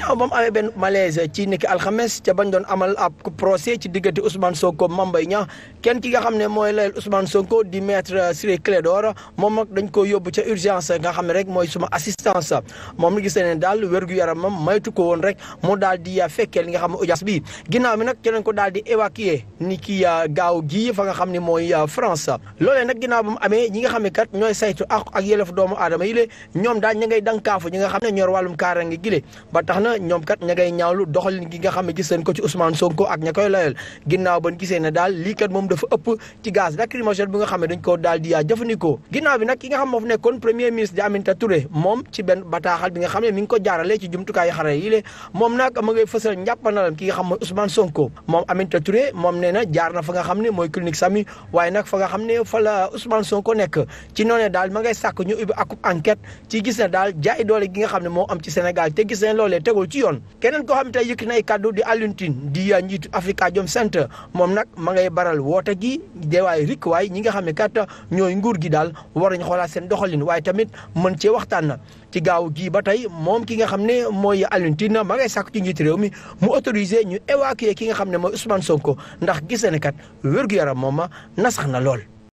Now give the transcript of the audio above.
non ba mu ci niki alxames ca bañ doon amal ab procès ci diggante Ousmane Sonko Mame Mbaye Niang kenn ki nga xam ne mooy layel Ousmane Sonko di maître Ciré Clédor moom nag dañ ko yóbbu ca urgence nga xam ne rek mooy suma assistance moom la gis ne daal wérgu yaramam maytu ko woon rek mu daal di fekkee li nga xam ne bi ginnaaw mi nag ci lañ ko daal di évacuer ni ki euh, gaaw gi fa nga xam ni mooy euh, France loolee nag ginnaaw ba mu amee ñi nga xam ne kat ñooy sayt ak ak yelef doomu aadama yi lée ñoom daal ña ngay dankaafu ñi nga xam ne ñor wàllum kaaraange gi ba tax na ñoom kat ña ngay ñaawlu doxalin nga xam ne gis nañ ko ci Ousmane Sonko ak ña koy layal ginnaaw ban gisee ne daal lii kat moom dafa ëpp ci gaz lacrymogène bi nga ko moom ci benn moom nag jaar na fa nga xam ne mooy clinique Sami waaye nag fa nga xam ne fa la Ousmane Sonko nekk ci noonee daal ma ngay sàkk ñu ubbi akub enquête ci gis na daal jaay doole gi nga xam ne moo am ci Sénégal te gis na loolee tegul ci yoon keneen koo xam ne tey yëkk nay kàddu di Alioune Tine di njiitu Africa Jom Center moom nag ma ngay baral woote gi de rikk waaye ñi nga xam ne kat ñooy nguur gi daal war nañu xoolaat seen doxalin waaye tamit mën cee waxtaan na ci gaaw gii ba tey moom ki nga xam ne mooy Alioune Tine ma ngay sàkk ci njiitu réew mi mu autorisé ñu évacuer ki nga xam ne mooy Ousmane Sonko ndax gis na kat wér-gu-yaram moom ma nasax na lool